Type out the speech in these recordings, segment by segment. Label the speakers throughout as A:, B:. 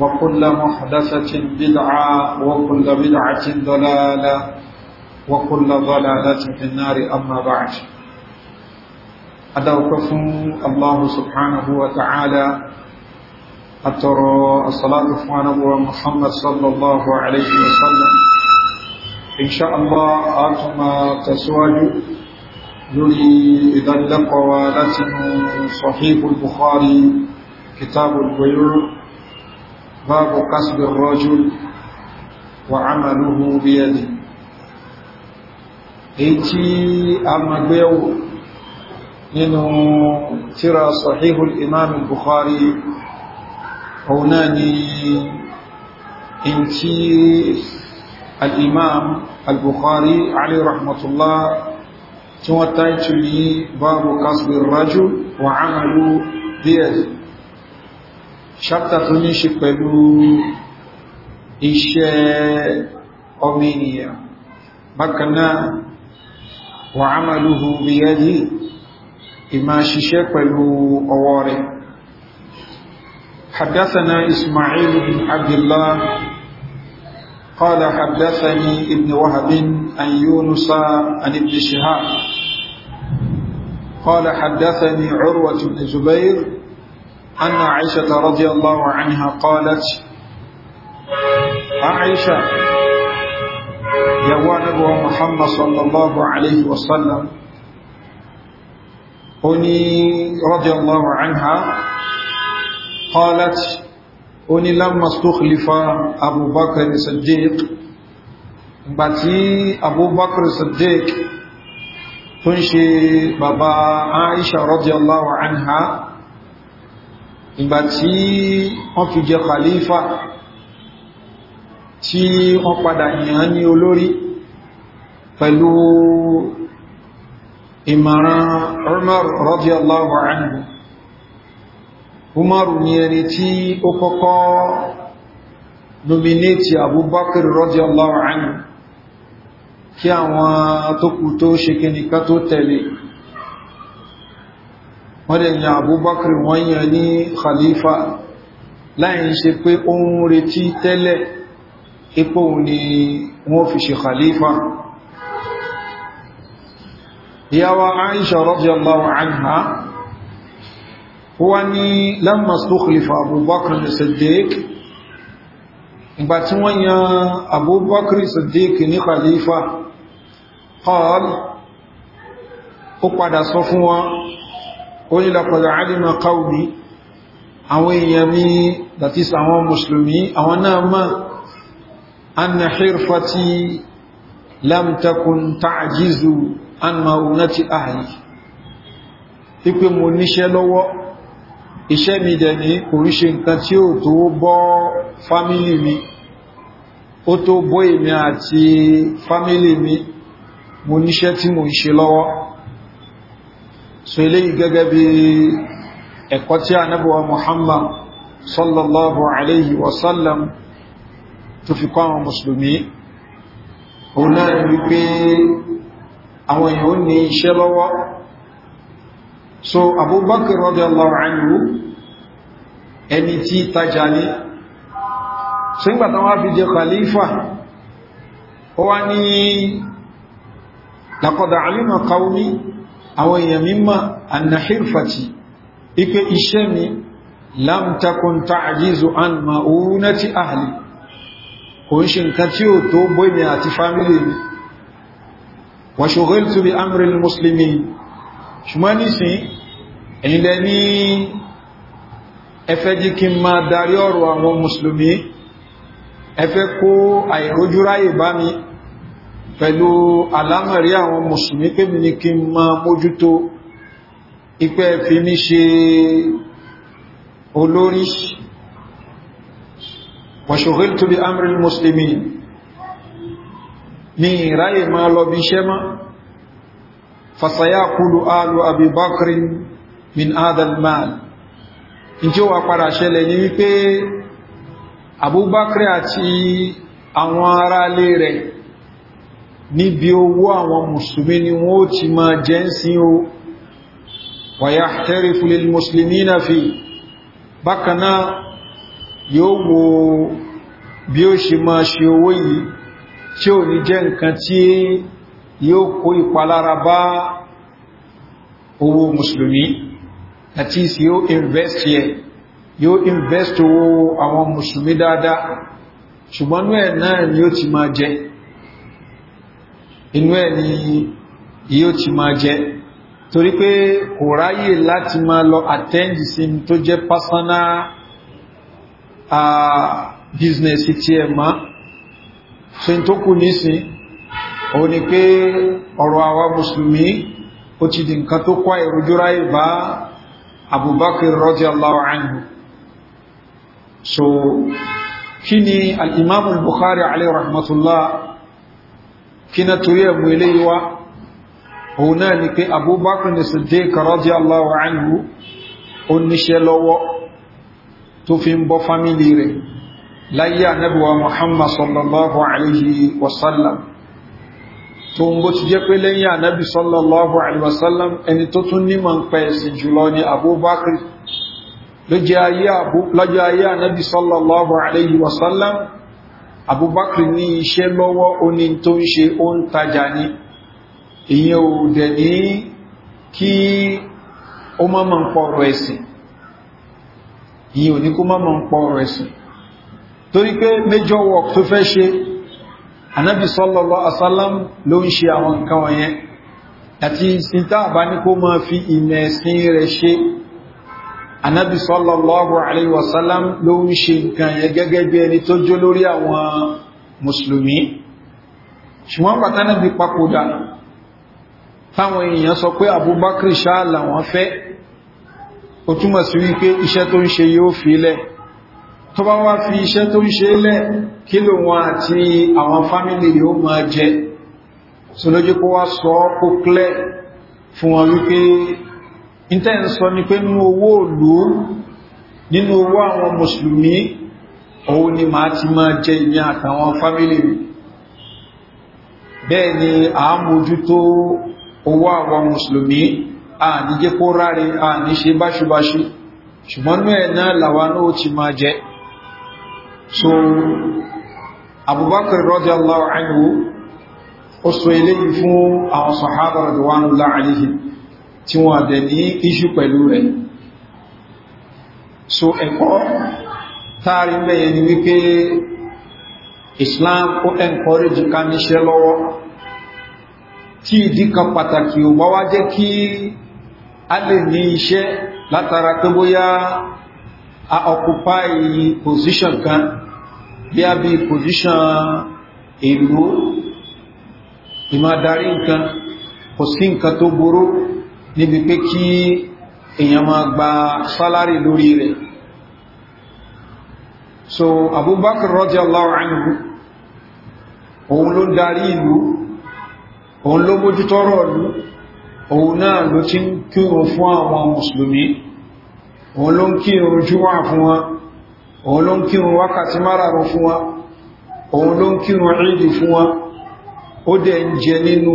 A: وكل محدثة بدعة وكل بدعة ضلالة وكل ضلالة في النار أما بعد أدوكفم الله سبحانه وتعالى أترى الصلاة فوانه محمد صلى الله عليه وسلم إن شاء الله آتما تسواجه لوري إذا لقوا لاتن صحيح البخاري كتاب البيوع باب كسب الرجل وعمله بيده ايتي امغبيو نينو ترى صحيح الامام البخاري هناني انتي الامام البخاري عليه رحمة الله توتايتني باب كسب الرجل وعمله بيده ṣáptà tó ní ṣe pẹ̀lú iṣẹ́ ọmọ ènìyàn bákanáà wà ámàlúhù bíyẹ́dì ìmá ṣiṣẹ́ pẹ̀lú ọwọ́ rẹ̀ حدثنا إسماعيل بن عبد الله قال حدثني ابن وهب عن يونس عن ابن شهاب قال حدثني عروة بن زبير أن عائشة رضي الله عنها قالت عائشة يا نبوة محمد صلى الله عليه وسلم أني رضي الله عنها قالت أني لما استخلف أبو بكر الصديق باتي أبو بكر الصديق تنشي بابا عائشة رضي الله عنها ìgbà tí wọ́n fi jẹ khalifa tí wọ́n padà yàn ní olórí pẹ̀lú ìmọ̀ràn Umar radiyallahu anhu Umar ni ẹni tí ó kọ́kọ́ nominate Abubakar radiyallahu anhu kí àwọn tó kù tó ṣe kìnnìkan tó tẹ̀lé wọ́n dẹ̀ yàn abubakar wọ́n yàn ní khalifa láyìn ṣe pé ó ń retí tẹ́lẹ̀ ipò ni wọ́n fi ṣe khalifa ìyàwó aisha radiyallahu anha wọ́n ní lamma stukhlifa abubakar siddiq ìgbà tí wọ́n yan abubakar siddiq ní khalifa qal ó padà sọ fún wọn ó ní lọ́pọ̀lọ̀ alima qawmi àwọn èèyàn mi that is àwọn mùsùlùmí àwọn náà mọ́ anna hirfati lam takun ta'jizu an ma'unati ahli ipe mo níṣẹ́ lọ́wọ́ iṣẹ́ mi dẹ̀ ní kò ń ṣe nǹkan tí ó tó bọ́ fámílì mi ó tó bọ́ èmi àti fámílì mi mo níṣẹ́ tí mo ń ṣe lọ́wọ́ so eléyìí gẹ́gẹ́ bí ẹ̀kọ́ tí a nábọ̀wà muhammad sallallahu alayhi wasallam tó fi kọ́ àwọn musulmi
B: òun náà wípé
A: àwọn èèyàn ní iṣẹ́ lọ́wọ́ so abubakar radiyallahu anhu ẹni tí tajà ní so nígbàtà wọ́n fi jẹ khalifa ó wá ní laqad alima qawmi àwọn èèyàn mímọ̀ annahirfati ipé iṣẹ́ mi lámtakun ta'ajizu an ma'unati ahli kò ń ṣe nǹkan tí ó tó bó mi àti fámílì mi wa shughiltu bi amril muslimin ṣùgbọ́n nísìn ẹ̀yìnlẹ̀ ní ẹfẹ́ jí kí ma darí ọ̀rọ̀ àwọn musulmi ẹfẹ́ kó àìrójúráyè bá mi pẹ̀lú alámẹ̀rí àwọn mùsùlùmí pé mi ní kí n máa mójútó ipẹ́ fi mí ṣe olórí wàṣòhìl tó bí amrí mùsùlùmí ní ìráyè máa lọ bí iṣẹ́ máa fàṣàyà kúlù alù àbíbákrin min adalmal in tí ó wà padà ṣẹlẹ̀ ní wípé abubakar àti àwọn ará lè rẹ̀ níbi owó àwọn musulmi ni wọ́n ti máa jẹ́ sí o wa yahtarifu lil muslimina fi bákaná yóò wo bí ó ṣe máa ṣe owó yìí tí ò ní jẹ́ nǹkan tí yóò kó ìpalára bá owó musulmi àti ìsì yóò invest yẹ yóò invest owó àwọn musulmi dáadáa ṣùgbọ́n náà ni ó ti máa jẹ́ inú ẹ̀ ni yíó ti máa jẹ torí pé kò ráyè láti máa lọ attend sí tó jẹ́ personal uh, business ti ẹ̀ máa ṣe tó kù nísìn o ni pé ọ̀rọ̀ àwa mùsùlùmí ó ti di nǹkan tó kọ́ ìrújú ráyè bá abubakar radiyallahu anhu so kí ni al-imam al-bukhari alayhi rahmatullah kí na torí ẹ̀mù ilé wa òun náà ni pé abubakar ní siddiq radiyallahu anhu ó níṣẹ́ lọ́wọ́ tó fi ń bọ́ fámílì rẹ̀ láyé ànábíwa muhammad sallallahu alayhi wasallam tó ń bó ti jẹ́ pé lẹ́yìn ànábí sallallahu alayhi wasallam ẹni tó tún nímọ̀ ń pẹ́ ẹ̀sìn jùlọ ni abubakar lọ́jọ́ ayé ànábí sallallahu alayhi wasallam abubakar ní iṣẹ́ lọ́wọ́ ó ní tó ń ṣe ó ń tajà ní ìyẹn ò dẹ̀ ní kí ó má mọ́ ń pọ̀rọ̀ ẹ̀sìn ìyẹn ò ní kó má mọ́ ń pọ̀rọ̀ ẹ̀sìn torí pé major work tó fẹ́ ṣe anábì sọ́lọ́lọ́ asálám ló ń ṣe àwọn nǹkan wọ̀nyẹn àti ìsìntà àbáníkó máa fi ìmẹ̀ rẹ̀ ṣe anábì sallallahu alayhi wa sallam ló ń ṣe nǹkan yẹn gẹ́gẹ́ bí ẹni tó jó lórí àwọn mùsùlùmí ṣùgbọ́n pàtàkì papòdà táwọn èèyàn sọ pé Abubakar ṣáà làwọn fẹ́ ó túmọ̀ sí wípé iṣẹ́ tó ń ṣe yóò fi lẹ̀ tó bá wá fi iṣẹ́ tó ń ṣe lẹ̀ kí ló wọn àti àwọn fámílì yóò máa jẹ so kó wá sọ ó kó clẹ́ fún wọn wípé ìtẹ́ ń sọ ni pé nínú owó òlú nínú owó àwọn mùsùlùmí òun ni máa ti máa jẹ ìyẹn àtàwọn fámílì rí bẹ́ẹ̀ ni a mójútó owó àwọn mùsùlùmí a ní jẹ́ kó ráre a ní ṣe báṣubáṣu ṣùgbọ́n ní ẹ̀nà làwa náà ti máa jẹ so abubakar radiyallahu anhu ó sọ eléyìí fún àwọn sahaba radiyallahu anhu tí wọ́n àdẹ̀ ní iṣu pẹ̀lú rẹ̀ so ẹ̀kọ́ táàrí mẹ́yẹn ni wípé Islam ó encourage ká níṣẹ́ lọ́wọ́ tí ìdí kan pàtàkì ò bá wá jẹ́ kí a lè ní iṣẹ́ látara pé bóyá a occupy position kan bí a bí position ìlú ìmá darí nǹkan kò nǹkan tó burú níbi pé kí èyàn máa gba sálárì lórí rẹ̀ so abubakar radiyallahu anhu òun ló darí ìlú òun ló mójútọ́rọ̀ ìlú òun náà ló ti ń kírun fún àwọn mùsùlùmí òun ló ń kírun júwà fún wọn òun ló ń kírun wákàtí márààrún fún wọn òun ló ń kírun ìdí fún wọn ó dẹ̀ ń jẹ nínú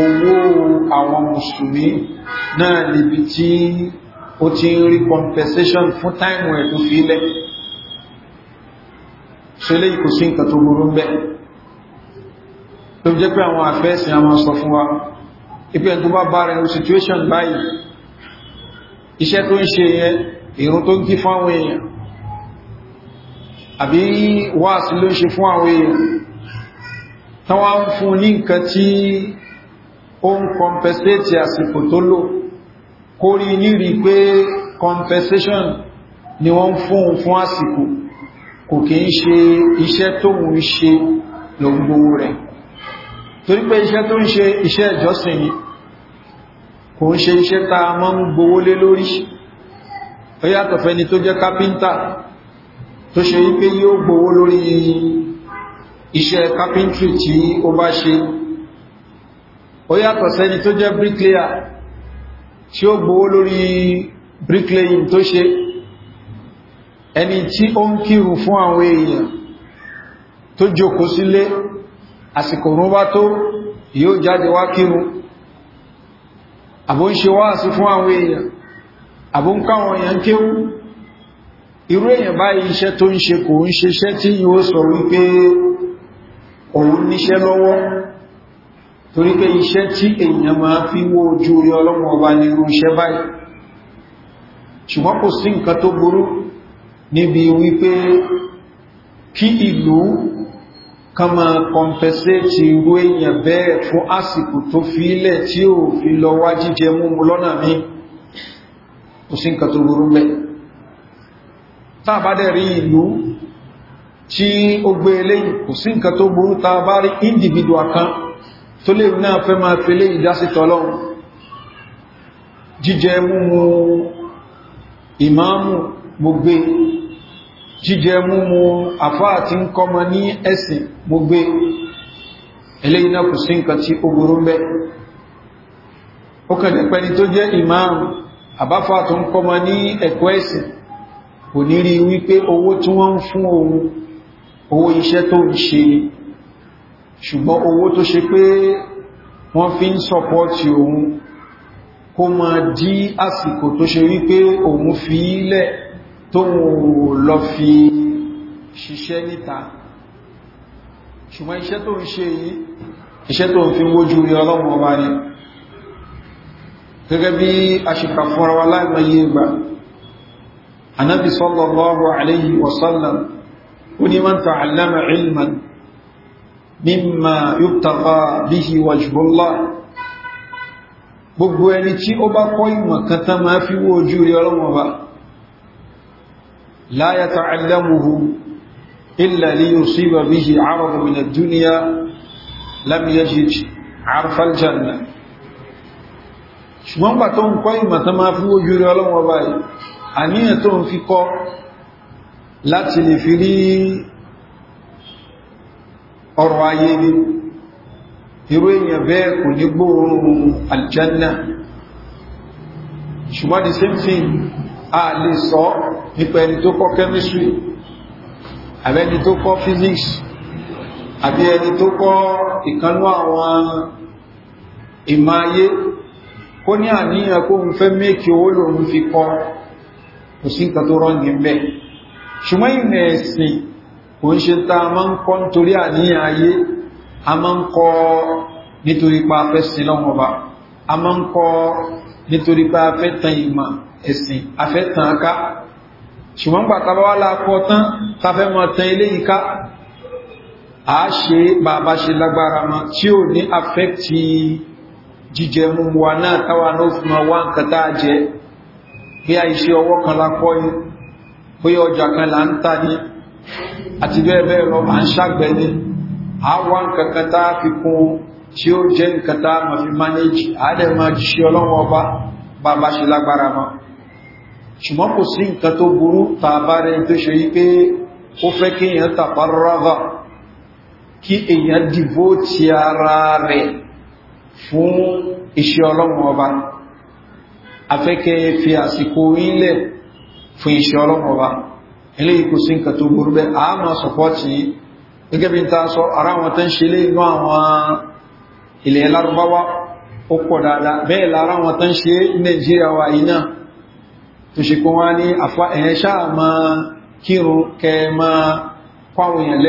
A: owó àwọn mùsùlùmí náà níbi tí ó ti ń rí compensation fún táìmù ẹ̀ tó fi ilẹ̀ ṣe lè kò sí nǹkan tó burú bẹ́ tó jẹ́ pé àwọn àfẹ́ẹ̀sìn àwọn sọ fún wa ipẹ́ tó bá bá rẹ̀ ní situation báyìí iṣẹ́ tó ń ṣe yẹn ìrún tó ń kí fún àwọn èèyàn àbí wáàsí ló ń ṣe fún àwọn èèyàn tán wá ń fún ní nǹkan tí ó ń compensate àsìkò tó lò kó rí nírí pé compensation ni wọ́n fún fún àsìkò kò kí ń ṣe iṣẹ́ tó ń ṣe lògbò rẹ̀ torí pé iṣẹ́ tó ń ṣe iṣẹ́ ìjọsìn ni kò ń ṣe iṣẹ́ ta mọ́ ń gbowó lé lórí ó yàtọ̀ fẹ́ni tó jẹ́ kápíntà tó ṣe wípé yóò gbowó lórí yìnyín iṣẹ́ carpentry tí ó bá ṣe ó yàtọ̀ sẹ́ni tó jẹ́ bricklayer tí ó gbówó lórí bricklaying tó ṣe ẹni tí ó ń kírun fún àwọn èèyàn tó jókòó sílé àsìkò rún bá tó yóò jáde wá kírun àbó ń ṣe wáàsí fún àwọn èèyàn àbó ń káwọn èèyàn kéwú irú èèyàn báyìí iṣẹ́ tó ń ṣe kò ń ṣeṣẹ́ tí yóò sọ wípé òun níṣẹ́ lọ́wọ́ torí pé iṣẹ́ tí èèyàn máa fi wó ojú orí ọlọ́mọ ọba nínú iṣẹ́ báyìí ṣùgbọ́n kò sí nǹkan tó burú níbi wípé kí ìlú ká máa kọmpẹsẹ́tì irú èèyàn bẹ́ẹ̀ fún àsìkò tó fi ilẹ̀ tí ò fi lọ wá jíjẹ múmu lọ́nà mi kò sí nǹkan tó burú mẹ́ tí ó gbé eléyìn kò sí nǹkan tó burú ta bá rí individual kan tó lè náà fẹ́ máa fi lé ìdásítọ̀ ọlọ́run jíjẹ múmu ìmáàmù gbogbo jíjẹ múmu àfá àti ń kọmọ ní ẹ̀sìn gbogbo eléyìn náà kò sí nǹkan tí ó burú ń ó kẹ̀lẹ̀ pẹ́ni tó jẹ́ ìmáàmù àbáfà tó ń kọmọ ní ẹ̀kọ́ ẹ̀sìn kò ní rí wípé owó tí wọ́n ń fún òun owó iṣẹ́ tó ń ṣe ṣùgbọ́n owó tó ṣe pé wọ́n fi ń sọpọ́tì òun kó ma dí àsìkò tó ṣe wípé òun fi ilẹ̀ tó lọ fi ṣiṣẹ́ níta ṣùgbọ́n iṣẹ́ tó ń ṣe yìí iṣẹ́ tó ń fi wójú rí ọlọ́run ọba ni gẹ́gẹ́ bí a ṣe kà wa láìmọ̀ yìí gbà anábi sallallahu alayhi wasallam onímọ̀ tààlámà ilman mímọ̀ yóò bíhi wàjúbọ́lá gbogbo ẹni tí ó bá kọ́ ìmọ̀ kan tán máa fi wó ojú rí ọlọ́mọba láyá tààlámùhù إلا ليصيب به عرض من الدنيا لم يجد عرف الجنة ṣùgbọ́n bá tó ń kọ́ ìmọ̀ tó máa fi ojú rẹ̀ ọlọ́wọ́ báyìí àníyàn tó ń fi kọ́ láti lè fi rí ọrọ̀ ayé ní irú èyàn bẹ́ẹ̀ kò ní gbóòrùn aljanna ṣùgbọ́n di same thing a lè sọ nípa ẹni tó kọ́ chemistry àbẹ́ni tó kọ́ physics àbí ẹni tó kọ́ ìkanú àwọn ìmá ayé kó ní àníyàn kó ń fẹ́ mẹ́kì owó lòun fi kọ́ kò sí nǹkan tó rọ́ ní bẹ́ẹ̀ ṣùgbọ́n ìmẹ̀ ẹ̀sìn kò ń ṣe ta máa ń kọ́ nítorí àníyàn ayé a máa ń kọ́ nítorí pa afẹ́ sin lọ́wọ́ba a máa ń kọ́ nítorí pa afẹ́ tan ìmọ̀ ẹ̀sìn afẹ́ tan aká ṣùgbọ́n gbà tàbá wá lápọ̀ tán tafẹ́ mọ́ tan ilé ìká a ṣe bàbá ṣe lágbára ma tí ò ní afẹ́kti jíjẹ mú wa náà táwa náà fún wa nǹkan tá a jẹ bí a iṣẹ́ ọwọ́ kan lápọ̀ yìí bóyá ọjà kan là ń ta ni àti bẹ́ẹ̀ bẹ́ẹ̀ lọ à ń ṣàgbẹ́ ní àwa nǹkan kan tá a fi kún tí ó jẹ́ nǹkan tá a máa fi mánéjì àádẹ́ máa jíṣẹ́ ọlọ́wọ́ ọba bàbá ṣe lágbára mọ́ ṣùgbọ́n kò sí nǹkan tó burú tá a bá rẹ tó ṣe yí pé ó fẹ́ kí èèyàn tàpá rárá kí èèyàn dìbò ti ara rẹ̀ fún iṣẹ́ ọlọ́wọ́ ọba afẹ́kẹ́ fi àsìkò ilẹ̀ fún iṣẹ́ ọlọ́pọ̀ọba ilé ikú sí nǹkan tó burú bẹ́ a máa sọpọ́tì gẹ́gẹ́ bí n ta sọ ara wọn tán ṣe lé inú àwọn ilẹ̀ lárúbáwá ó pọ̀ dáadáa bẹ́ẹ̀ lára wọn tán ṣe nàìjíríà wa iná tó ṣe kún wá ní àfá ẹ̀yẹn ṣáà máa kírun kẹ máa pàwọn èèyàn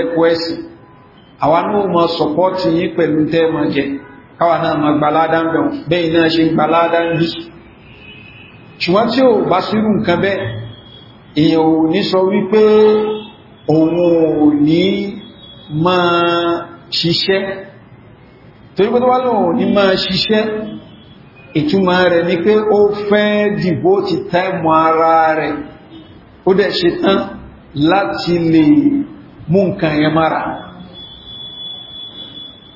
A: ṣùgbọ́n tí ò bá sírù nǹkan bẹ́ẹ̀ èyàn ò ní sọ wípé òun ò ní máa ṣiṣẹ́ torí pé tó wá lóòun ní máa ṣiṣẹ́ ìtumọ̀ rẹ̀ ni pé ó fẹ́ dìbò ti tẹ́mù ara rẹ̀ ó dẹ̀ ṣe tán láti lè mú nǹkan yẹn mara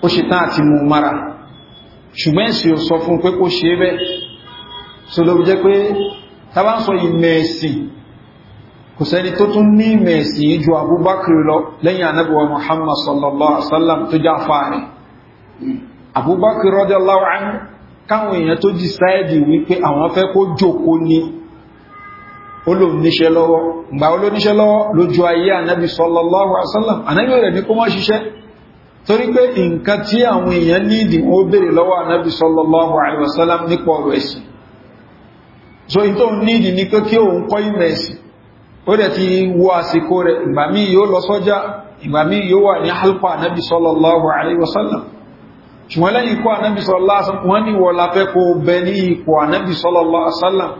A: ó ṣe tán àti mú mara ṣùgbọ́n sì ò sọ fún pé kó ṣe bẹ́ so ló jẹ́ pé tàbá ń sọ ìmẹ̀ ẹ̀sìn kò sẹ́ni tó tún ní mẹ̀sí ju abúbákiri lọ lẹ́yìn anábíwa muhammad sallallahu alaihi wasallam tó já fàárí abúbákiri radiyallahu anhu káwọn èèyàn tó dìsáìdì wípé àwọn fẹ́ kó jòkó ní olóníṣẹ́ lọ́wọ́ ìgbà olóníṣẹ́ lọ́wọ́ lójú ayé anábí sallallahu alaihi wasallam anábí rẹ̀ ní kó mọ́ ṣiṣẹ́ torí pé nǹkan tí àwọn èèyàn nídìí ó bèèrè lọ́wọ́ anábí sallallahu alaihi wasallam so in tó nídìí ní kí òun kọ́ ìmẹ̀sìn ó dẹ̀ ti wọ àsìkò rẹ̀ ìgbà mí yóò lọ sọ́jà ìgbà mí yóò wà ní halpa anábi sallallahu alaihi wasallam ṣùgbọ́n lẹ́yìn ikú anábi sallallahu alaihi wasallam wọ́n ní wọ́n láfẹ́ kó bẹ ní ipò anábi sallallahu alaihi wasallam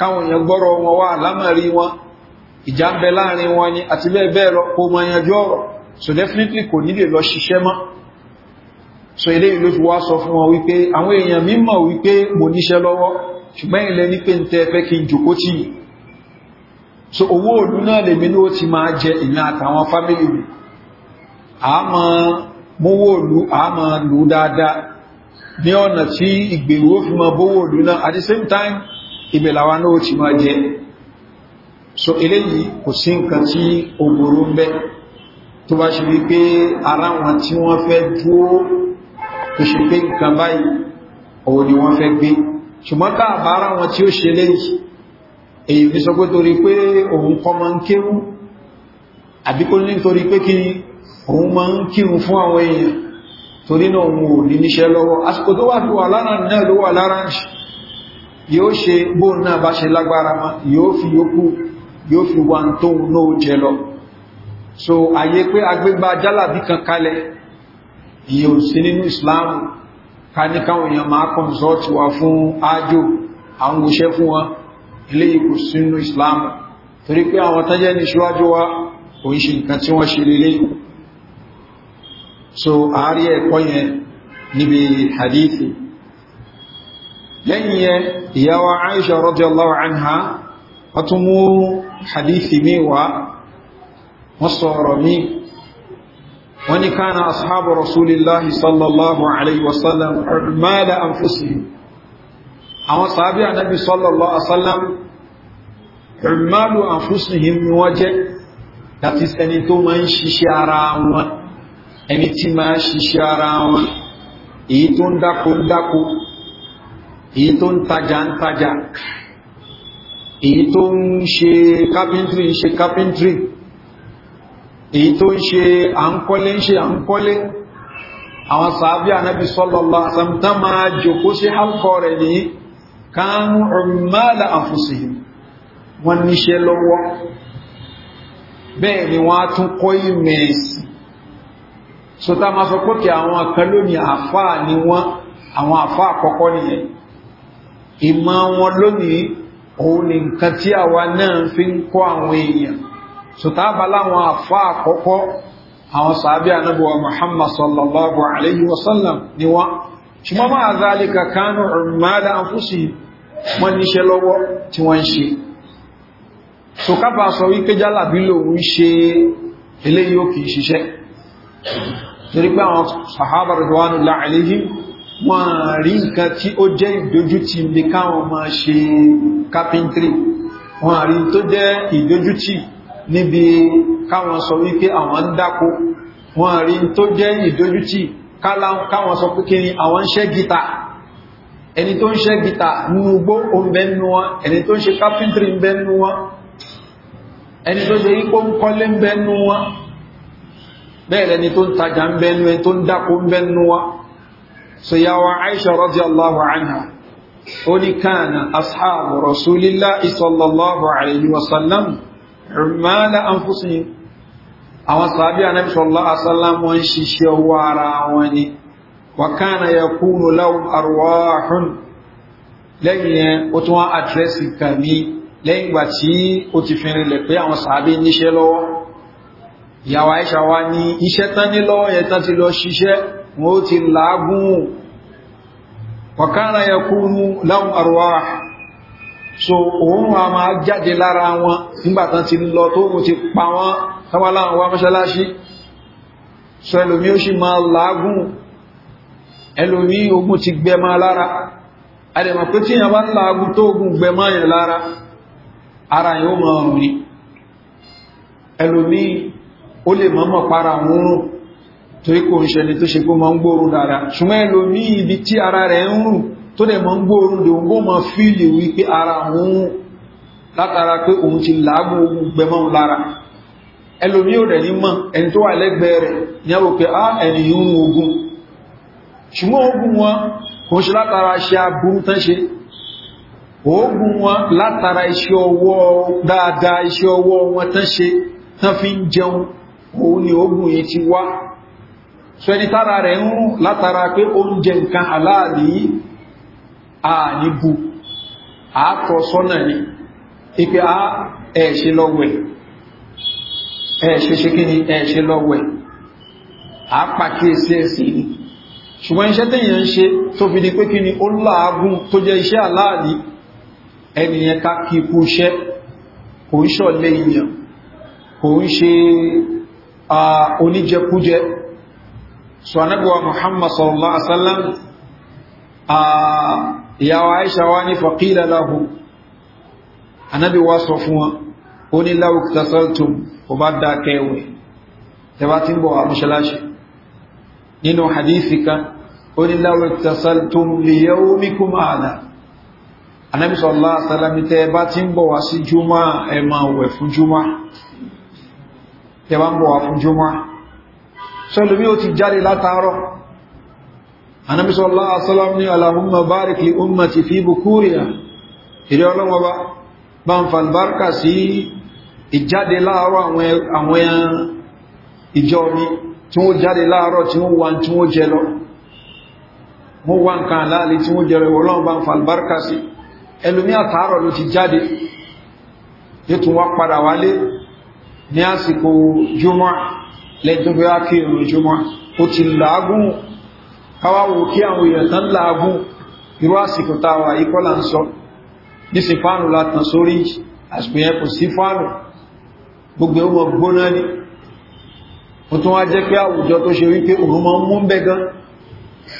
A: káwọn èèyàn gbọ́rọ̀ wọn wá lámàrí wọn ìjà ń bẹ láàrin wọn ni àti bẹ́ẹ̀ bẹ́ẹ̀ lọ kó mọ yanjú so owó òlú náà lèmi ní ó ti máa jẹ ìyàn àtàwọn fámílì mi àmọ́ mówó òlú àmọ́ lù dáadáa ní ọ̀nà tí ìgbèrú ó fi máa bówó òlú náà at the same time ìbẹ̀làwà náà ó ti máa jẹ so eléyìí kò sí nǹkan tí ó burú ń bẹ tó bá ṣe wípé ara wọn tí wọ́n fẹ́ dúó tó ṣe pé nǹkan báyìí òun ni wọ́n fẹ́ gbé ṣùgbọ́n káàbára wọn tí ó ṣe léyìí èyí ní sọ pé torí pé òun ma ń ní torí pé ma ń fún àwọn èèyàn torí náà òun ní níṣẹ́ lọ́wọ́ tó wà tó wà lára náà ló wà lára ṣe yóò ṣe náà bá ma yóò fi yókù yóò fi wà n'oje lọ so aye pé agbegba jálàbí kan kalẹ̀ nínú ìsìláàmù ká ní káwọn èèyàn máa fún ájò àwọn fún wọn ilé ikú sínú islam torí pé àwọn tánjẹ́ ní ṣíwájú wá kò nǹkan tí wọ́n ṣe lélé so ààrí ẹ̀kọ́ yẹn níbi hadithi lẹ́yìn yẹn ìyáwà aisha radiyallahu anha wọ́n tún mú hadithi míwa wọ́n sọ̀rọ̀ mí wọ́n ni kánà ashabu rasulillahi sallallahu alaihi wasallam mala anfusihim àwọn sàábí ànábì sallallahu alaihi wasallam ìrìnmáàlù àfúsìnhìn ni wọ́n jẹ́ láti sẹni tó ma ń ṣiṣẹ́ ara wọn ẹni tí ma ń ṣiṣẹ́ ara wọn èyí tó ń dákó ń dákó èyí tó ń tajà ń tajà èyí tó ń ṣe kápẹ́ntìrì ń ṣe kápẹ́ntìrì èyí tó ń ṣe à ń ṣe à àwọn sàábí ànábì sallallahu alaihi máa jòkó ṣe hálkọ́ rẹ̀ nìyí kánú ọmọlá àfúsìhì wọ́n níṣẹ́ lọ́wọ́ bẹ́ẹ̀ ni wọ́n á tún kọ́ ìmẹ̀ ẹ̀sì so ta ma sọ pọ́kẹ̀ àwọn kan lónìí àfá ni wọ́n àwọn àfá àkọ́kọ́ nìyẹn ìmọ̀ wọn lónìí òun ni nǹkan tí àwa náà fi ń kọ́ àwọn èèyàn so ta bá láwọn àfá àkọ́kọ́ àwọn sàábí anábọ̀wà Muhammad sallallahu alaihi wasallam ni wọ́n ṣùgbọ́n máa zálika kánú ọ̀rọ̀mọ́dá àfúsì wọ́n níṣẹ́ lọ́wọ́ tí wọ́n ń ṣe so kápa sọ wípé jálàbí lòun ṣe eléyìí ó kìí ṣiṣẹ́ torí pé àwọn sàhábà rẹ̀wánù láàrín wọ́n rí nǹkan tí ó jẹ́ ìdójútì ní káwọn máa ṣe kápíntírì wọ́n rí tó jẹ́ ìdójútì níbi káwọn sọ wípé àwọn ń dákó wọ́n rí tó jẹ́ ìdójútì káwọn sọ pé kí ni àwọn ń ṣẹ́ gítà ẹni tó ń ṣẹ́ gítà nínú gbó oúnbẹ́nu wọn ẹni tó ń ṣe kápíntìrì ń bẹ́nu wọn ẹni tó ṣe ipò ń kọ́lé ń bẹ́nu wọn bẹ́ẹ̀ lẹni tó ń tajà ń bẹ́nu ẹni tó ń dákó ń bẹ́nu wọn so yàwó Aisha radiyallahu anha ó ní káàna ashabu rasulillah sallallahu àwọn sàábí anábi sọ́lá asálá wọn ń ṣiṣẹ́ owó ara wọn ni wàkánà yẹ kúrò láwọn àrùwáhùn lẹ́yìn yẹn ó tún wọ́n àdírẹ́sì kàmí lẹ́yìn gbà tí ó ti fi rinlẹ̀ pé àwọn sàábí níṣẹ́ lọ́wọ́ ìyàwó àìṣà wa ní iṣẹ́ tán ní yẹn tán ti lọ tánwà láwọn wá mọ́ṣálásí sọ ẹlòmí si sì máa lágùn ẹlòmí ogun ti gbẹ máa lára adẹ̀mọ̀ pé tí yàn bá ń lágùn tó ogun gbẹ máa yàn lára ara yóò máa rùn ní ẹlòmí ó lè mọ́mọ̀ para wọn rùn torí kò ń ṣẹni tó ṣe kó máa ń gbóòrùn dára ṣùgbọ́n ẹlòmí ibi tí ara rẹ̀ ń rùn tó dẹ̀ máa ń gbóòrùn dè òun máa fíìlì wípé ara òun látara pé òun ti làágùn ogun gbẹmọ́ lára ẹlòmí ò rẹ̀ ní mọ́ ẹni tó wà lẹ́gbẹ̀ẹ́ rẹ̀ ní ẹwò pé á ah, ẹni yíò mú ogun ṣùgbọ́n ogun wọn kò ń ṣe látara ṣe aburú tán ṣe ogun wọn látara iṣẹ́ ọwọ́ dáadáa iṣẹ́ ọwọ́ wọn tán ṣe tán fi ń jẹun òun ni ogun yìí ti wá sọ ẹni tára rẹ̀ ń rún látara pé oúnjẹ nǹkan aláàlì àníbu àátọ̀ sọ́nà ni ipe a ah, ẹ̀ ṣe lọ́wọ́ ẹ̀ ẹ̀ṣẹ́ ṣe kí ni ẹ̀ṣẹ́ lọ́wẹ́ àpàkíyèsí ẹ̀sìn ni ṣùgbọ́n iṣẹ́ tẹ́yàn ń ṣe tó fi di pé kí ni ó láàágún tó jẹ́ iṣẹ́ aláàlì ẹniyàn ká kí ikú iṣẹ́ kò ń ṣọ̀lẹ̀ èèyàn kò ń ṣe oníjẹkújẹ sọ anábíwa Muhammad sallallahu alaihi wasallam ìyàwó Aisha wá ní faqila lahu sọ fún wọn ó ní law iktasaltum kò bá dá kẹwẹ̀ tẹbá tí ń bọ̀ wà mọ́ṣálásí nínú hadithi kan ó ní láwẹ̀ tasaltum li yawmikum àdá anábi sallallahu alaihi wasallam tẹbá tí ń bọ̀ wá sí jùmọ́ ẹ máa wẹ̀ fún jùmọ́ tẹbá ń bọ̀ wá fún jùmọ́ sọlùmí ó ti jáde látàárọ̀ anábi sallallahu ìjáde láàárọ̀ àwọn ẹran ìjọ mi tí wọ́n jáde láàárọ̀ tí wọ́n wà tí wọ́n jẹ lọ wọ́n wà nǹkan aláàlè tí wọ́n jẹrẹ wọ́lọ́n bá ń fa albárkà sí ẹlùmí àtàárọ̀ ló ti jáde yóò wá padà wálé ní àsìkò jùmọ́ lẹ́gbẹ̀ẹ́ akírin jùmọ́ ó ti làágùn káwàwò kí àwọn èèyàn tán làágùn irú àsìkò táwà ikọ́lá ń sọ ní sí látàn sórí àsìkò yẹn kò sí gbogbo ọmọ gbóná ní o tún wá jẹ́ pé àwùjọ tó ṣe wípé òun ma ń mú bẹ́ gan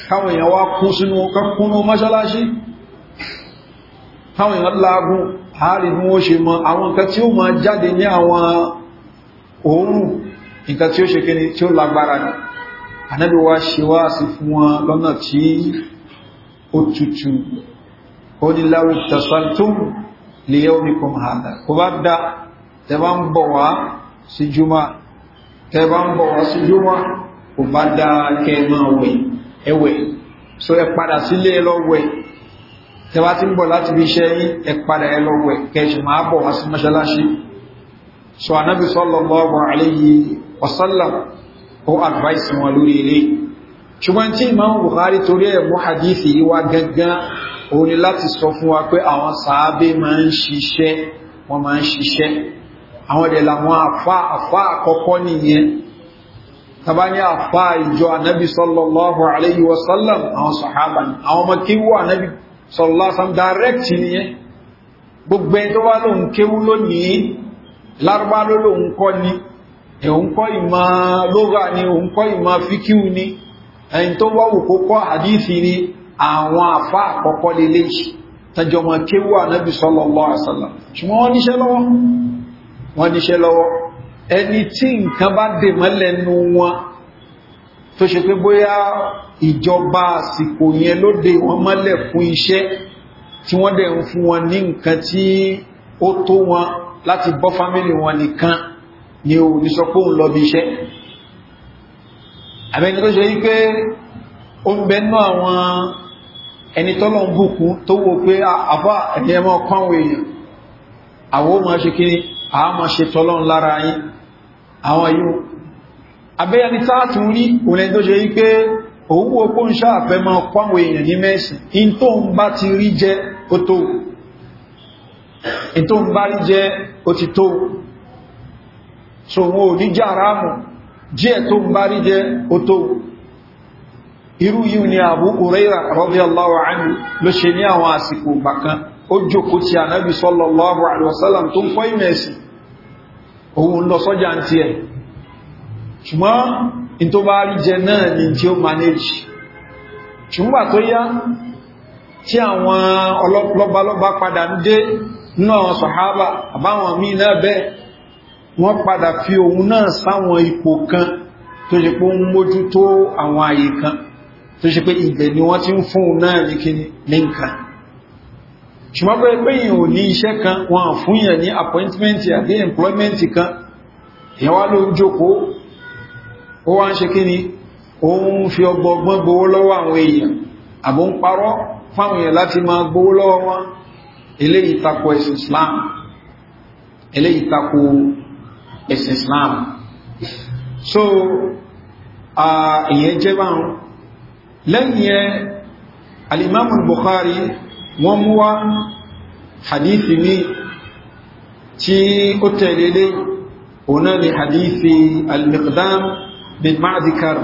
A: káwọn èèyàn wá kún sínú kúnnú mọ́ṣálásí káwọn èèyàn lágún àárín ní wọ́n ṣe mọ́ àwọn nǹkan tí ó ma jáde ní àwọn òórùn nǹkan tí ó ṣe kiri tí ó lágbára ní anábí wá ṣe wá sí fún wọn lọ́nà tí ó tutù ó ní láwùjọ sàtún lè yẹ́ omi kọmọ̀ àdá kò bá dáa tẹ́ bá ń bọ̀ wá sí júmọ́ tẹ́ bá ń bọ̀ wá sí júmọ́ kò bá dáa kẹ́ ẹ máa wẹ̀ ẹwẹ̀ so ẹ padà sílé ẹ lọ wẹ̀ tẹ́ bá ti ń bọ̀ láti fi iṣẹ́ yín ẹ padà ẹ lọ wẹ̀ máa bọ̀ wá sí mọ́ṣáláṣí so anabi sallallahu alayhi wa sallam ó advice wọn lórí eléyìí ṣùgbọ́n tí Imam Bukhari torí ẹ̀ mú hadithi yìí wá gangan òun ni láti sọ fún wa pé àwọn sàábé máa ń ṣiṣẹ́ wọ́n máa ń ṣiṣẹ́ àwọn ẹ̀dẹ̀ làwọn àfá àfá àkọ́kọ́ nìyẹn tàbá ní àfá ìjọ ànábì sallallahu alayhi wa sallam àwọn sàhábà ní àwọn ọmọ kéwú ànábì sallallahu sallam direct nìyẹn gbogbo ẹ̀ tó wá lóhun kéwú lónìí lárúbá ló lóhun kọ́ ni ẹ̀hun kọ́ ìmọ̀ lóga ni òun kọ́ ìmọ̀ fíkíù ni ẹ̀yìn tó wá wò kókọ́ àdíìsì ni àwọn àfá àkọ́kọ́ lélẹ́yìí tẹjọmọ̀ kéwú ànábì sallallahu alayhi wa sallam ṣùgbọ́n wọ́n níṣẹ́ lọ́wọ́ wọ́n níṣẹ́ lọ́wọ́ ẹni tí nǹkan bá dè mọ́lẹ̀ nu wọn tó ṣe pé bóyá ìjọba àsìkò yẹn ló dè wọ́n mọ́lẹ̀ fún iṣẹ́ tí wọ́n dẹ̀ ń fún wọn ní nǹkan tí ó tó wọn láti bọ́ fámílì wọn nìkan ni ò ní sọ pé òun lọ bí iṣẹ́ àbẹ́ni tó ṣe yí pé ó ń bẹnú àwọn ẹni tọ́lọ̀ tó wò pé àfá ẹ̀yẹmọ́ kọ́wọ̀ èèyàn àwọn ó máa ṣe kiri àmọ́ ṣe tọ́lọ́n lára yín àwọn yíò abẹ́yẹni tààtù rí olẹ́n tó ṣe yí pé òun opó ń ṣáàfẹ́ ma pọ́nwò èèyàn ní mẹ́sìn in tó ń bá ti rí jẹ́ ó tó in tó ń bá rí jẹ́ ó ti tó so wọn ò ní jẹ́ jẹ́ tó ń bá rí jẹ́ ó tó irú yìí ni Abu Hurairah radiyallahu anhu ló ṣe ní àwọn ó jòkó ti ànábì sallallahu alaihi wasallam tó ń kọ́ ìmẹ̀ẹ̀sì òun lọ sọ́jà ń ti ẹ̀ ṣùgbọ́n in tó bá rí jẹ náà ni tí ó manage ṣùgbà tó yá tí àwọn ọlọ́pàá padà ń dé nínú àwọn sàhábà àbáwọn míì náà bẹ́ẹ̀ wọ́n padà fi òun náà sáwọn ipò kan tó ṣe pé ń mójútó àwọn àyè kan tó ṣe pé ibẹ̀ ni wọ́n ti ń fún un náà ní kíní nǹkan ṣùgbọ́n bẹ́ẹ̀ pé yìí ò ní iṣẹ́ kan wọn fún yẹn ní appointment àbí employment kan èyàn ló ń jókòó ó wá ń ṣe kí ni ó ń fi ọgbọ̀gbọ́n gbówó lọ́wọ́ àwọn èèyàn àbó ń parọ́ fáwọn èèyàn láti máa gbówó lọ́wọ́ wọn eléyìí tako ẹ̀sìn Islam eléyìí tako ẹ̀sìn Islam so èèyàn jẹ́ báwọn lẹ́yìn ẹ bukhari wọ́n mú wá hadithi ní tí ó tẹ̀lélé ọ̀nà ni hadithi al-miqdam bin ma'adikar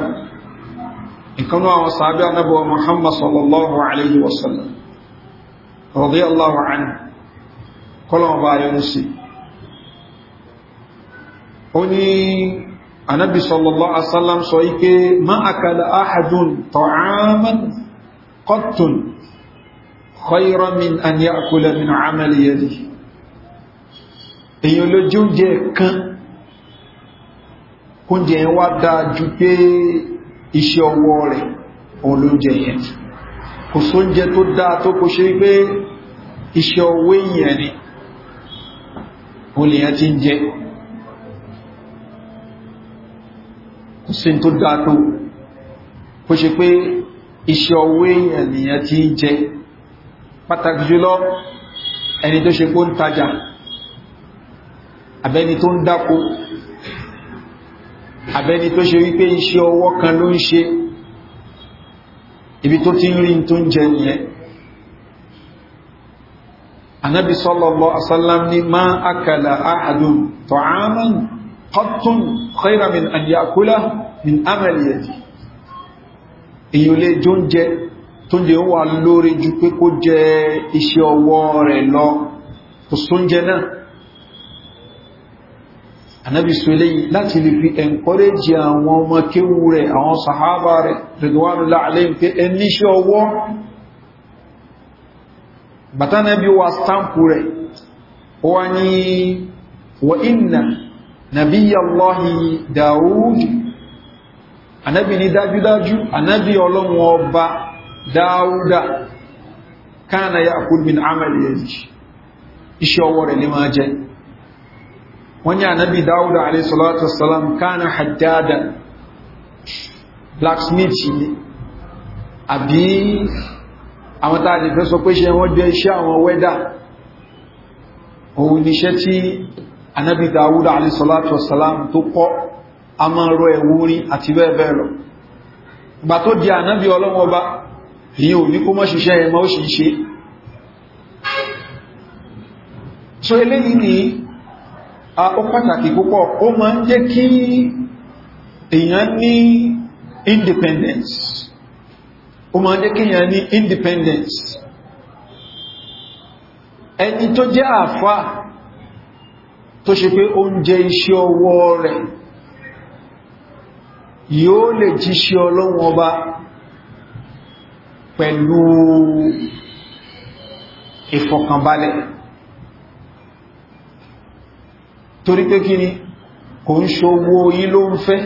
A: ìkanú àwọn sàábí anábọ̀ muhammad sallallahu alaihi wasallam radiyallahu anhu kọlọ̀wọ̀ bá yẹn sí ó ní anábi sallallahu alaihi wasallam sọ ike ma ahadun ta'aman qattun khayran min an ya'kula min 'amali yadihi èyàn lójú oúnjẹ kan oúnjẹ yẹn wá dáa ju pé iṣẹ́ ọwọ́ rẹ̀ òun lóúnjẹ yẹn kò sóúnjẹ tó dáa tó kò ṣe pé iṣẹ́ ọwọ́ èyàn ni òun lèyàn ti ń jẹ kò sí tó dáa tó kò ṣe pé iṣẹ́ ọwọ́ èyàn lèyàn ti pàtàkì jùlọ ẹni tó ṣe kó ń tajà àbẹ́ni tó ń dákó àbẹ́ni tó ṣe wípé iṣẹ́ ọwọ́ kan ló ń ṣe ibi tó ti ń rí tó ń jẹ nìyẹn anábi sallallahu asálám ní ma akala ahadun ta'aman qattun khayra min an yakula min amali èyí ò lè jóúnjẹ tó jẹ ó wà lórí ju pé kó jẹ iṣẹ́ ọwọ́ rẹ̀ lọ kò sóúnjẹ náà anábi sọ eléyìí láti lè fi encourage àwọn ọmọ kéwú rẹ̀ àwọn sàhábà rẹ̀ rẹ̀dùwánulá aléyìn pé ẹníṣẹ́ ọwọ́ bàtánábi wà stampu rẹ̀ wà ní wà inna nàbíyàllọ́hì dáúdù anábi ní dájúdájú anábi ọlọ́run ọba dáúdà kana ya'kul min amali yadihi iṣẹ́ ọwọ́ rẹ̀ ní máa jẹ́ wọ́n ní ànábì dáúdà alayhi salatu wassalam kana haddada blacksmith ni àbí àwọn tàà lè fẹ́ sọ pé ṣe wọ́n jẹ́ iṣẹ́ àwọn wẹ́dà òun níṣẹ́ tí alayhi salatu wassalam tó kọ́ a máa rọ ẹ̀wúrin àti bẹ́ẹ̀ bẹ́ẹ̀ lọ gbà tó di anábì ọlọ́wọ́ bá ìyẹn ò ní kó mọ́ ṣiṣẹ́ ẹmọ́ ó ṣiṣẹ́ so eléyìí ni a ó pàtàkì púpọ̀ ó máa ń jẹ́ kí èèyàn ní independence ó máa ń jẹ́ kí èèyàn ní independence ẹni tó jẹ́ àfá tó ṣe pé ó ń jẹ iṣẹ́ ọwọ́ rẹ̀ yóò lè jíṣẹ́ ọlọ́run ọba pẹ̀lú ìfọ̀kànbalẹ̀ torí pé kí ni kò ń ṣòwò yí ló ń fẹ́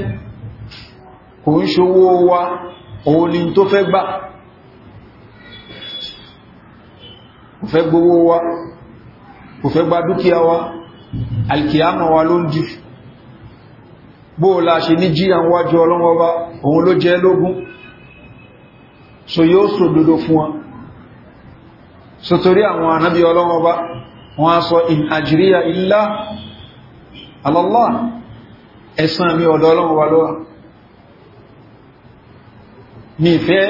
A: kò ń ṣòwò wa òun ni tó fẹ́ gbà kò fẹ́ gbówó wa kò fẹ́ gba dúkìá wa alkiyama wa ló ń jù bóòlá ṣe ní jíyàn wájú ọlọ́wọ́ wa òun ló jẹ́ lógún so yóò sọ dodo fún wọn so torí àwọn anábí ọlọ́wọ́ bá wọ́n á sọ in àjíríà ilá alọ́lá ẹ̀sán mi ọ̀dọ̀ ọlọ́wọ́ wà lọ́wọ́ ní ìfẹ́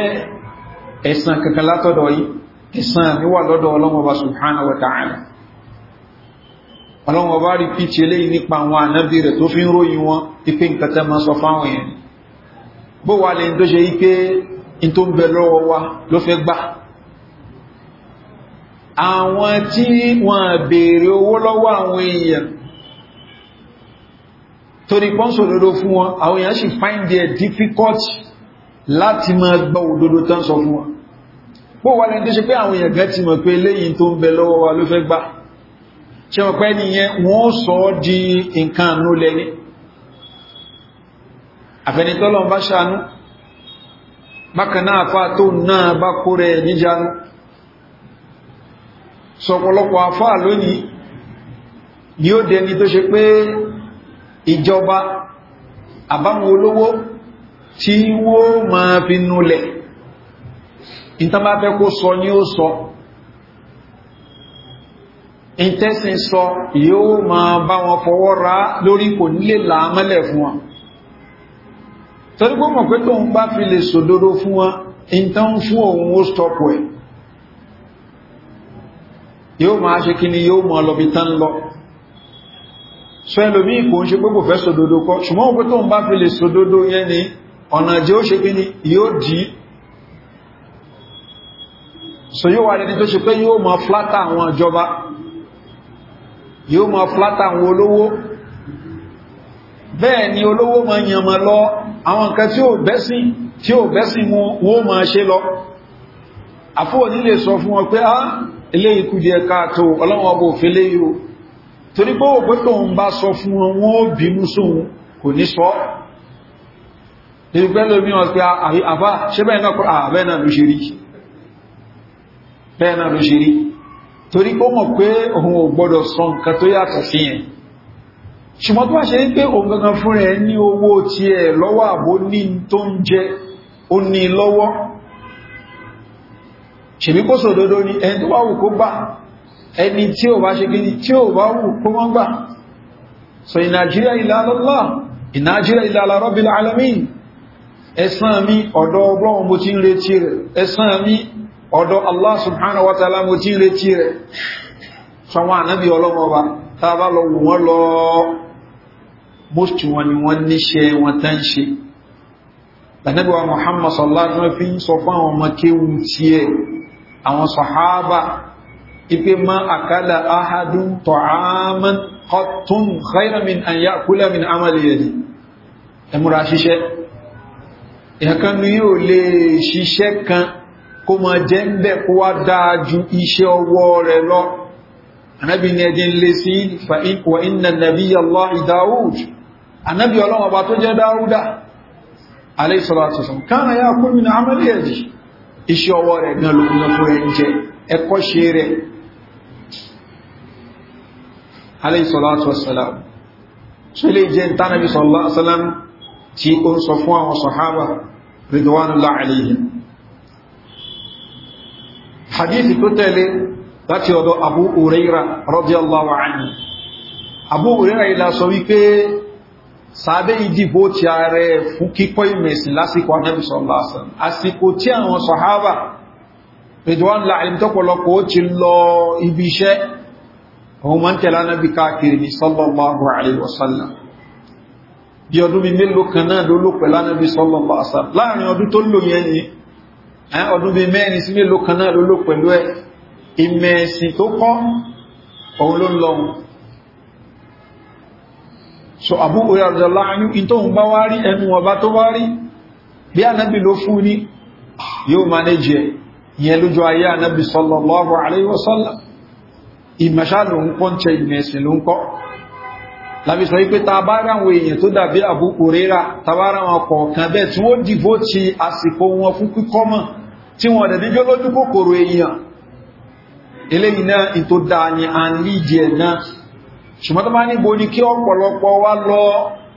A: ẹ̀sán kankan látọ̀dọ̀ yìí ẹ̀sán mi wà lọ́dọ̀ ọlọ́wọ́ bá subhanahu wa ta'ala ọlọ́wọ́ bá rí pìtì eléyìí nípa àwọn anábí rẹ̀ tó fi ń ròyìn wọn ipé nǹkan tẹ́ máa sọ fáwọn yẹn bó wà lè ń tó ṣe yí pé in tó ń bẹ lọ́wọ́ wa ló fẹ́ gbà àwọn tí wọ́n béèrè owó lọ́wọ́ àwọn èèyàn torí pọ́nsọ̀ lọ́dọ́ fún wọn àwọn èèyàn sì find it difficult láti máa gbọ́ òdodo tán sọ fún wọn bó wà lẹ́ni tó ṣe pé àwọn èèyàn gan ti mọ̀ pé lẹ́yìn tó ń bẹ lọ́wọ́ wa ló fẹ́ gbà ṣe mọ̀ pé nìyẹn wọ́n sọ di nǹkan àánú lẹ́ni àfẹnitọ́lọ́ bá ṣàánú bakana náà àfá tó náà bá kó rẹ̀ níjànú sọ̀pọ̀lọpọ̀ àfá lónìí ni ó dẹni tó ṣe pé ìjọba àbáwọn olówó tí wó ma fi nulẹ̀ ìtàbá kó sọ ní ó sọ ìtẹ́sìn sọ yóò ma bá wọn fọwọ́ ra lórí kò nílè làámẹ́lẹ̀ fún wọn torí pé mọ̀ pé tóun bá fi lè sòdodo fún wọn ìtàn fún òun ó stọ́pù ẹ̀ yóò máa ṣe kí ni yóò máa lọ́bi tán lọ sọ ẹlòmí kò ń ṣe pé kò fẹ́ sòdodo kọ́ ṣùgbọ́n òun pé tóun bá fi lè sòdodo yẹn ni ọ̀nà jẹ́ ó ṣe kí ni yóò dì so yóò wà lẹ́ni tó ṣe pé yóò máa flátà àwọn ìjọba yóò máa flátà àwọn olówó bẹ́ẹ̀ ni olówó máa yànmọ́ lọ́ọ́ àwọn nǹkan tí ó bẹ́sìn tí ó bẹ́sìn mú wó máa ṣe lọ àfóò nílé sọ fún wọn pé á ah, ilé ikú di ẹka tó ọlọ́wọ́ bó fi lé yóò torí pé òpé tó ń bá sọ fún wọn wọ́n ó bínú sóhun kò ní sọ ìrìgbẹ́ lómi wọn pé ah, àbá ṣe bẹ́ẹ̀ náà ah, bẹ́ẹ̀ torí pé ó mọ̀ pé òun ò gbọ́dọ̀ sọ nǹkan tó yàtọ̀ sí yẹn ṣùgbọ́n tó wá ṣe pé òun gangan fún rẹ̀ ní owó tí ẹ̀ lọ́wọ́ àbó ní tó ń jẹ ó ní lọ́wọ́ ṣèbí kó sòdodo ni ẹni tó bá wù kó gbà ẹni tí ò bá ṣe gidi tí ò bá wù kó mọ́ gbà so ìnàjíríà ìlàlọ́lá ìnàjíríà ìlàlọ́rọ́bí alamin ẹ̀san mi ọ̀dọ̀ ọgbọ́n mo ti Allah subhanahu wa ta'ala mo ti ń retí rẹ̀ sọwọn ànábì ọlọ́mọba most wọn ni wọ́n níṣẹ́ wọn tán ṣe lànàbíwá Muhammad sallallahu alaihi wasallam fi ń sọ fún àwọn ọmọ kéwù tí ẹ àwọn sàhábà ipe ma àkálà ahadun ta'aman qattun khayran min an ya'kula min amali yadi ẹmúra ṣiṣẹ́ ìyàkan ni yóò lè ṣiṣẹ́ kan kó ma jẹ́ ń bẹ̀ ànábì ọlọ́run ọba tó jẹ́ dáúdà alayhi salatu wasalam kana yakulu min amali yadi iṣẹ́ ọwọ́ rẹ̀ gan ló kúnlẹ̀ fún ẹ̀jẹ̀ ẹ̀kọ́ ṣe rẹ̀ alayhi salatu wasalam tó lè jẹ́ ìtànàbí sallallahu alaihi wasallam tí ó ń sọ fún àwọn sàhábà ridwanullahi alaihim hadithi tó tẹ̀lé láti sàbẹ́ ìdìbò ti ààrẹ fún kíkọ́ ìmẹ̀sìn lásìkò Ànábì sallallahu alaihi wasallam àsìkò tí àwọn sàhábà pẹ̀dùwán láàrin tọ́pọ̀lọpọ̀ ó ti lọ ibi iṣẹ́ ohun mọ́ ń tẹ̀lá náà bí káàkiri ní sallallahu alaihi wasallam bí ọdún bí mélòó kan náà ló lò pẹ̀lá náà bí sallallahu alaihi wasallam láàrin ọdún tó lò yẹn so Abu Hurairah láàáyú in tó ń bá wá rí ẹnu ọba tó wá rí bí anábì ló fún ní yóò manage ẹ̀ yẹn lójú ayé anábì sallallahu alaihi wasallam ìmọ̀ṣá ló ń kọ́ ń tẹ ìmẹ̀sìn ló ń kọ́ lábí sọ wípé ta bá ráwọn èèyàn tó dàbí Abu Hurairah ta bá ṣùgbọ́n tó bá níbo ni kí ọ̀pọ̀lọpọ̀ wá lọ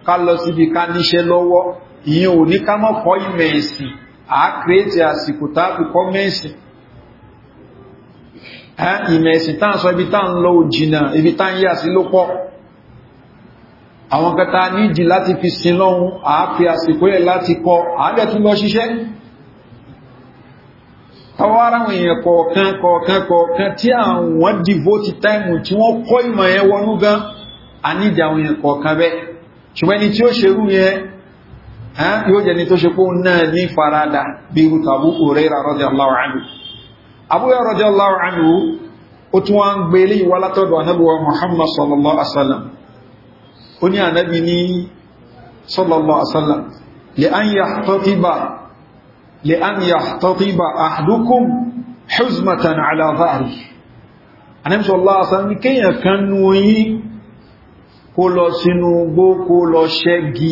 A: ká lọ síbi ká níṣẹ́ lọ́wọ́ ìyẹn ò ní ká mọ́ kọ́ ìmẹ̀ ẹ̀sìn àákírẹ́tì àsìkò táàkì kọ́ mẹ́sìn ìmẹ̀ ẹ̀sìn táà sọ ibi táà ń lọ òjìnà ibi táà ń yà sí ló àwọn kẹta nídìí láti fi sin lọ́hun àáfi àsìkò ẹ̀ láti kọ àádẹ́tún lọ ṣiṣẹ́ àwọn ará wọn èèyàn kọ̀ọ̀kan kọ̀ọ̀kan kọ̀ọ̀kan tí àwọn devote time tí wọ́n kọ́ ìmọ̀ yẹn wọnú gan anídà àwọn èèyàn kọ̀ọ̀kan bẹ́ ṣùgbọ́n ẹni tí ó ṣerú yẹn yóò jẹ́ ni tó ṣe pé náà ní farada bí irú tàbú òrèrà radiyallahu anhu abúyà radiyallahu anhu ó tún wá ń gbé ilé ìwá látọ̀dọ̀ anábíwa muhammad sallallahu alaihi wasallam ó ní anábí ní sallallahu alaihi wasallam li an yahtatiba lè án yà tọ́tíbà àdúkùn huzmatan aláàrí anẹ́mùsọ̀lá asán ní kíyàn kan nú yí kó lọ sínú gbó kó lọ ṣẹ́gi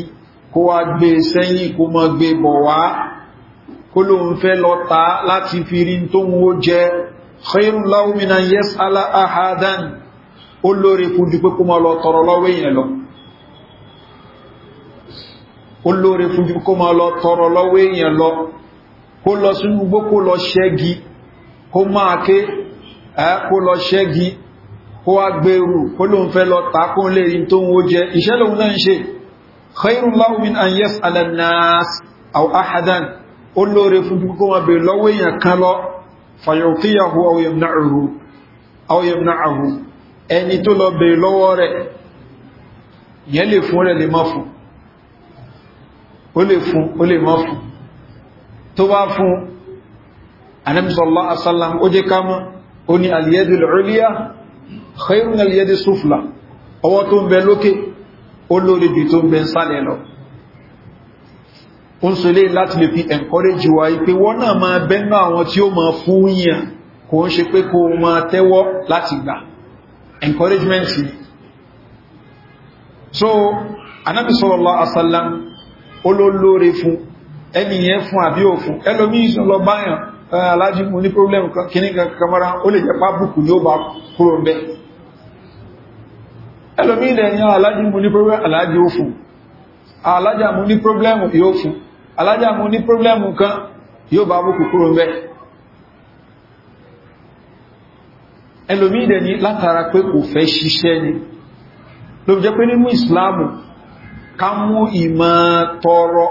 A: kó wá gbé e sẹ́yìn kó mọ́ gbé e bọ̀ wá kó ló ń fẹ́ lọ ta láti fi rí tó ń wó jẹ khairun láwọ́mìnà yes ala ahadan ó lórí fún jù pé kó mọ́ lọ tọrọ lọ́wọ́ èèyàn lọ ó lórí fún jù pé kó mọ́ lọ tọrọ lọ́wọ́ èèyàn lọ kó lọ sínú igbó kó lọ ṣẹ́gi kó máa ké kó lọ ṣẹ́gi kó wá gbèrú kó lóun fẹ́ lọ ta kó lè rí tó ń wó jẹ iṣẹ́ lòun náà ń ṣe khairun laumin an yes alanas au ahadan ó lóore fún kó wọn bèèrè lọ́wọ́ èèyàn kan lọ fayọ̀tíyàwó auyemna'ahu ẹni tó lọ bèèrè lọ́wọ́ rẹ̀ yẹn lè fún rẹ̀ lè má fún tó wá fún anẹ́bìsọ̀lá asálàm ó jẹ́ kámọ́ ó ní aliyẹ́dì l'ọ́líyà khairun aliyẹ́dì súfla ọwọ́ tó ń bẹ lókè ó lórí bí tó ń bẹ sálẹ̀ lọ ń sọlé láti lè fi encourage wa ipé wọ́n náà máa bẹ́nà àwọn tí ó máa fún yàn kò ń ṣe pé kó máa tẹ́wọ́ láti gbà encouragement so anẹ́bìsọ̀lá asálàm ó ló lóore fún ẹnìyẹn fún àbí òfún ẹlòmí ìsùn lọ báyàn alájí ní problem kìíní kamara ó lè jẹpa bùkù ní ó bá kúrò bẹ́ ẹlòmí ìdẹ̀yàn alájí ní problem alájí ó ní problem kan yóò bá bùkù kúrò bẹ́ ni ló jẹ́ pé nínú ìsìláàmù ká tọrọ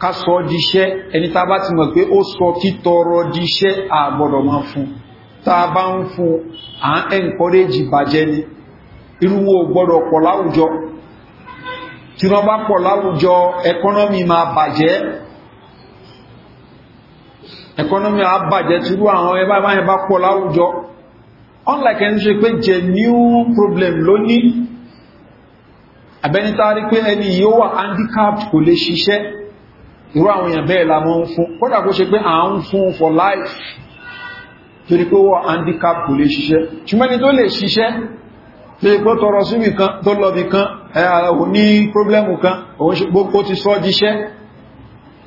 A: ká sọ díṣẹ́ ẹni tá bá ti mọ̀ pé ó sọ títọrọ díṣẹ́ àgbọ̀dọ̀ máa fún tá a bá ń fún à ń encourage bàjẹ́ ni irúwó gbọ́dọ̀ pọ̀ láwùjọ tí wọ́n bá pọ̀ láwùjọ ẹkọ́nọ́mì máa bàjẹ́ ẹkọ́nọ́mì á bàjẹ́ tírú àwọn ẹbá pọ̀ láwùjọ unlike ẹni ṣe pé problem lónìí àbẹ́nítà rí pé ẹni yóò wà handicapped kò lè ṣiṣẹ́ irú àwọn èèyàn bẹ́ẹ̀ la mọ́ ń fún kódà kó ṣe pé à ń fún for life torí pé wọ́n handicap kò lè ṣiṣẹ́ ṣùgbọ́n ni tó lè ṣiṣẹ́ pé pọ́ tọrọ síbì kan tó lọ́bì kan ò ní pọ́blẹ́mù kan òun ṣe gbogbo ti sọ́ jíṣẹ́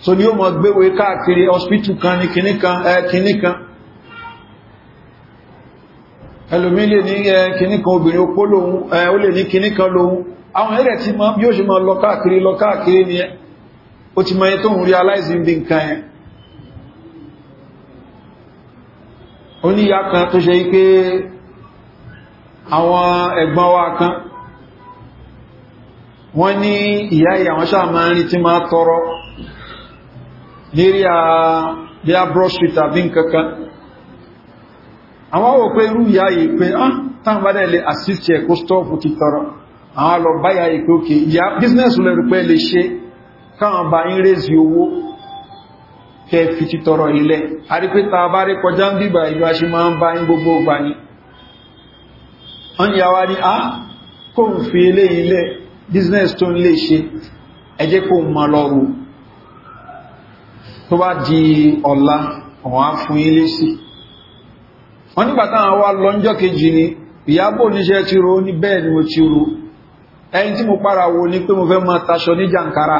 A: so ni ó mọ̀ gbéwé káàkiri hospital kan ní kìíní kan ẹlòmí lè ní kìíní kan obìnrin opó lòun ó lè ní kìíní lòun àwọn ẹ̀rẹ̀ ti mọ́ bí ó ṣe mọ́ lọ káàkiri lọ káàkiri nìyẹn ó ti mọ́yẹ tó ń realize ń bí nǹkan ẹ̀ ó ní ìyá kan tó ṣe wípé àwọn ẹ̀gbọ́n wa kan wọ́n ní ìyá ìyá wọn sáà máa ń rí tí máa tọrọ lérí àbí abrochit àbí nǹkankan àwọn wò pé irú ìyá yìí pé ah táwọn bá lè assist ẹ̀ stọ́ọ̀fù ti tọrọ àwọn lọ ìpé òkè ìyá business lẹ́rù pé lè ṣe káwọn bá ń rèsì owó kẹ fi ti tọrọ ilẹ̀ àrípẹ́ta rí kọjá ń bíbà ìlú aṣe máa ń bá ń gbogbo ọgbà ní ọ́nyà ní a ah, kò ń fi ilé ilẹ̀ business tó ń lè ṣe ẹjẹ́ kò ma lọ́rù tó bá di ọ̀wọ́n fún ilé sí wọ́n lọ́njọ́ kejì ni ìyábò ti ro ní bẹ́ẹ̀ ni mo ti ro ẹni tí mo para wo ni pé mo fẹ́ máa taṣọ ní jàǹkárá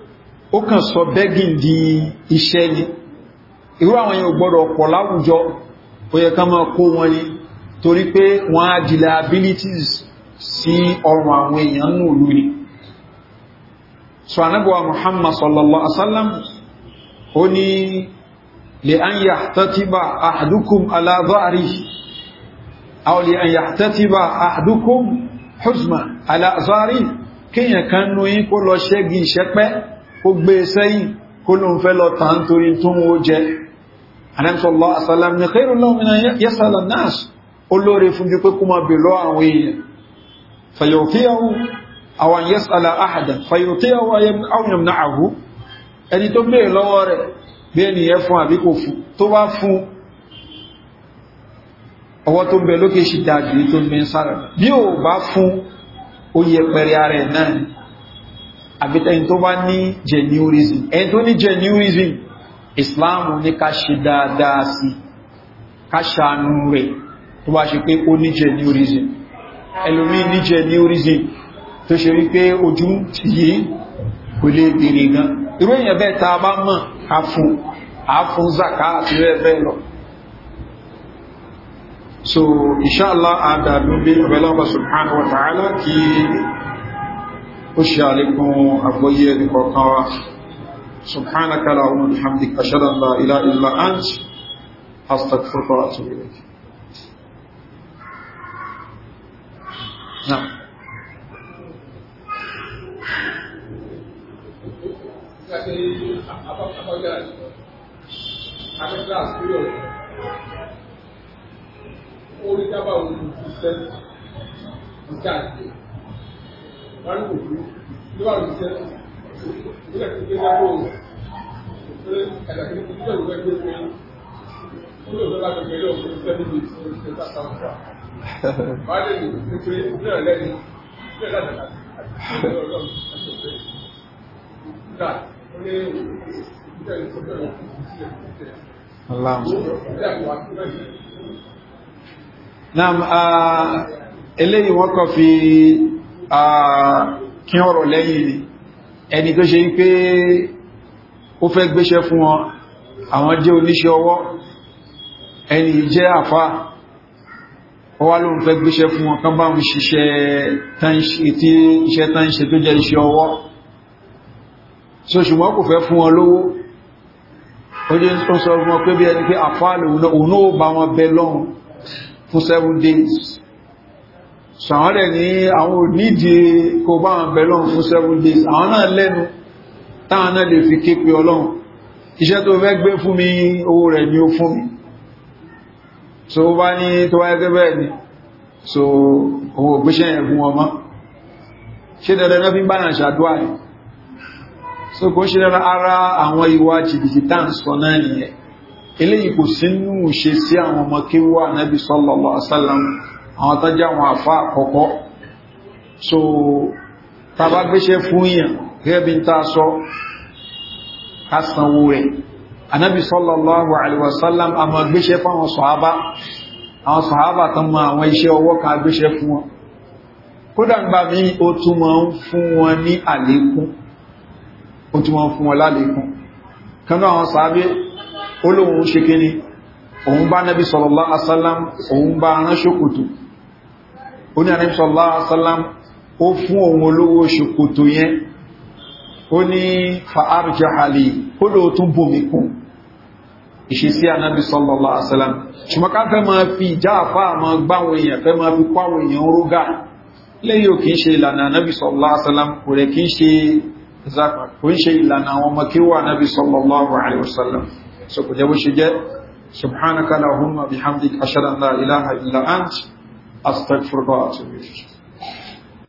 A: ó kàn sọ bẹ́gìn di iṣẹ́ ni irú àwọn yẹn ò gbọ́dọ̀ pọ̀ láwùjọ ó yẹ ká máa kó wọn ni torí pé wọ́n á di liabilities sí ọrùn àwọn èèyàn nù lú ni so anábọ̀wà muhammad sallallahu alaihi wasallam ó ní lè an yà tàtíbà àdúkùm aláàzọ́rí àwọn lè an tàtíbà àdúkùm husma aláàzọ́rí kíyàn kan nú kó lọ ṣẹ́gi ìṣẹ́pẹ́ kó gbé e sẹ́yìn kó ló ń fẹ́ lọ tàn torí tó ń wó jẹ anẹ́sọ̀lọ́ àsàlám ní kẹrù lọ́mìnà yẹ́sàlá náà olóore fún bí pé kó máa bè lọ àwọn èèyàn fayọ̀tíyàwó àwọn yẹ́sàlá àhàdà fayọ̀tíyàwó àbítẹ́yìn tó bá ní genuism ẹni tó ní genuism islam ní ká ṣe dáadáa sí ká ṣàánú rẹ̀ tó bá ṣe pé ó ní genuism ẹlòmí ní genuism tó ṣe wípé ojú ti yí kò lè bèèrè gan irú èyàn bẹ́ẹ̀ ta bá mọ̀ ká fún zaka àti rẹ̀ lọ so inshallah adàdúgbé ọ̀bẹ̀lọ́bà subhanahu wa ta'ala kí خشي عليكم أبوي بقرطاء سبحانك لا أعلم بحمدك أشهد أن لا إله إلا أنت أستغفرك وأتوب إليك نعم Gracias. lárúkò nígbà tó jẹ́ ìpínlẹ̀ tó gbé lápò pé ẹ̀dàkì ní ìpínlẹ̀ tó gbé pé ó lè lọ́la gbẹ̀gbẹ̀ yóò fún sẹ́ni ní ìpínlẹ̀ tó sáà wà. Bá lè ní pípé ìpínlẹ̀ lẹ́ni ìpínlẹ̀ láti àti ìpínlẹ̀ ọlọ́run àti ọ̀fẹ́. Nígbà ó ní ìpínlẹ̀ tó bẹ̀rẹ̀ fún ìpínlẹ̀ Nam ah, eléyìí wọ́n kọ́ fi kí ọ̀rọ̀ lẹ́yìn ẹni tó ṣe ń pé ó fẹ́ gbéṣẹ́ fún wọn àwọn jẹ́ oníṣẹ́ ọwọ́ ẹni jẹ́ àfá ó wá ló ń fẹ́ gbéṣẹ́ fún wọn kán bá ń ṣiṣẹ́ tí iṣẹ́ tán ṣe tó jẹ́ iṣẹ́ ọwọ́ so ṣùgbọ́n kò fẹ́ fún wọn lówó ó jẹ́ tó sọ fún wọn pé bí ẹni pé àfá lòun náà bá wọn bẹ lọ́hùn fún seven days so àwọn rẹ̀ ní àwọn òdíje kò bá wọn bẹ̀ lọ́n fún seven days àwọn náà lẹ́nu táwọn náà lè fi ké pe ọlọ́run iṣẹ́ tó fẹ́ gbé fún mi owó rẹ̀ ni ó fún mi so ó bá ní tó wáyé gẹ́ bẹ́ẹ̀ ni so owó ògbéṣẹ́ yẹn fún ọmọ ṣé dandan náà fi ń báyàn ṣàdúrà yìí so kò ń ṣe dandan ara àwọn ìwà jìbìtì tá à ń sọ náà nìyẹn eléyìí kò sínú ṣe sí àwọn ọmọ kéwà nábì sallallahu alaihi wasallam àwọn tó jẹ́ àwọn àfá àkọ́kọ́ so tàbá gbéṣẹ́ fún yàn gẹ́bí ta sọ kásánwó rẹ̀ anábi sallallahu alaihi wasallam a ma gbéṣẹ́ fáwọn sọ̀hábá àwọn sọ̀hábá tán ma àwọn iṣẹ́ ọwọ́ ká gbéṣẹ́ fún wọn kódà ń gbà mí ó tún ma ń fún wọn ní àlékún ó tún ma ń fún wọn lálékún kanú àwọn sàábé olóhun ṣe kíni òun bá nábi sallallahu alaihi òun bá rán ó ní àníṣọ́lá sálám ó fún òun olówó ṣòkòtò yẹn ó ní fa'arjá alì ó lò tún bomi kún ìṣesí ànábì sọ́lọ́lá sálám ṣùgbọ́n ká fẹ́ máa fi ìjà àfá àmọ́ gbáwọn èèyàn fẹ́ máa fi pàwọn èèyàn rógà lẹ́yìn ò kìí ṣe ìlànà ànábì sọ́lọ́lá sálám kò rẹ̀ kìí ṣe zakwa kò ń ṣe ìlànà àwọn ọmọ kí wà ànábì sọ́lọ́lá alaihi أستغفرك وأتوب إليك